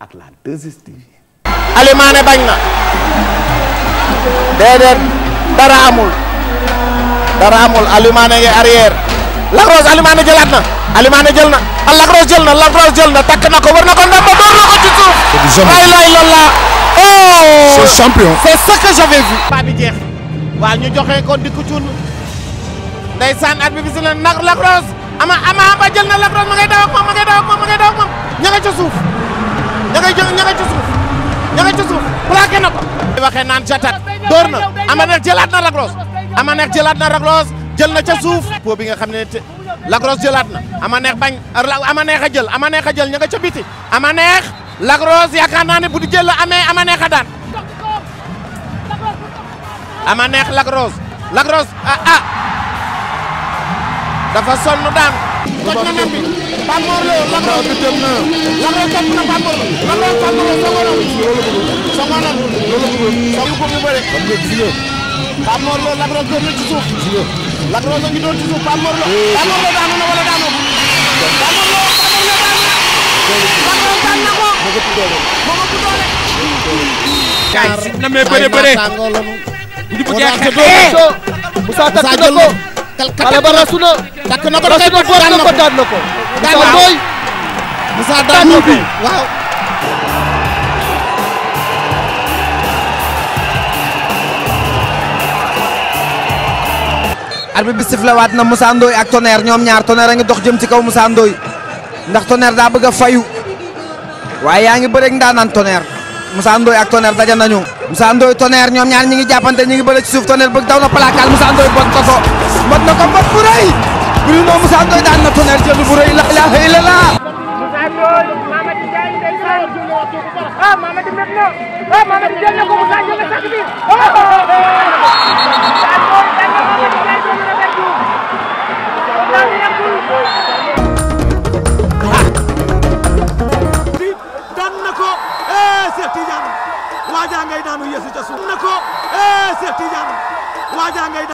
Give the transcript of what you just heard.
ak la 2STV. Alimane bañ na déedéet dara amul dara amul Alimane ngi arrière Lac Rose Alimane jëlaat na Alimane jël na ah ko war ko ndam ba ko ci suuf. lay lool la oh. champion c'est ce que j'avais jeex waa ñu joxe ko dikku cuun ndeysaan at bi bis na Lac Rose ama ba jël na ña nga ci suuf plaqué na ko. waxee naan jatat door na Amanekh jëlaat na Lac Rose Amanekh jëlaat na Lac jël na ca suuf. po bi nga xam ne Lac Rose jëlaat na Amanekh bañ Amanekh a jël neex a jël ña ca biti. Amanekh Lac Rose yaakaar bu di jëla la amee Amanekh a daan Amanekh Lac Rose Lac Rose ah, ah. dafa sonn daan. toj na nam bi Pape Mor Lo la ko dem na la ko topp na Pape Mor Lo la ko topp na Sokone Sokone loolu bëgg ko mu bëre Pape Mor Lo la ko door na ci suuf la ko ngi door ci suuf Pape Mor Lo Pape Mor Lo daanu na wala daanu Pape Mor Lo Pape Mor Lo daanu na daan na ko moo ko pu doole kay si na me bëre bëre bu di bëgg xeex Moussa takk na ko xale ba rasu na takk na ko rasu na ko daan na ko daan na waat na Moussa ak Tonnerre ñoom ñaar Tonnerre a ngi dox jëm ci kaw Moussa Ndoye ndax Tonnerre daa bëgg a fayu waaye yaa ngi bëreeg ndaanaan Tonnerre Moussa Ndoye ak Tonnerre daje nañu Moussa Ndoye Tonnerre ñoom ñaar ñi ngi jàppante ñi ngi bëre ci suuf Tonnerre bëgg daw na plaakaal Moussa Ndoye bon mat na ko mat bu rëy Bruno Moussa Ndoye daan na Tonnerre jël bu rëy la ilaha illallah ah Mamadi met na ah Mamadi jël na ko Moussa jël na sax waa jaa ngay daanu yeesu ca suuf na ko eh Cheikh Tidiane waa jaa ngay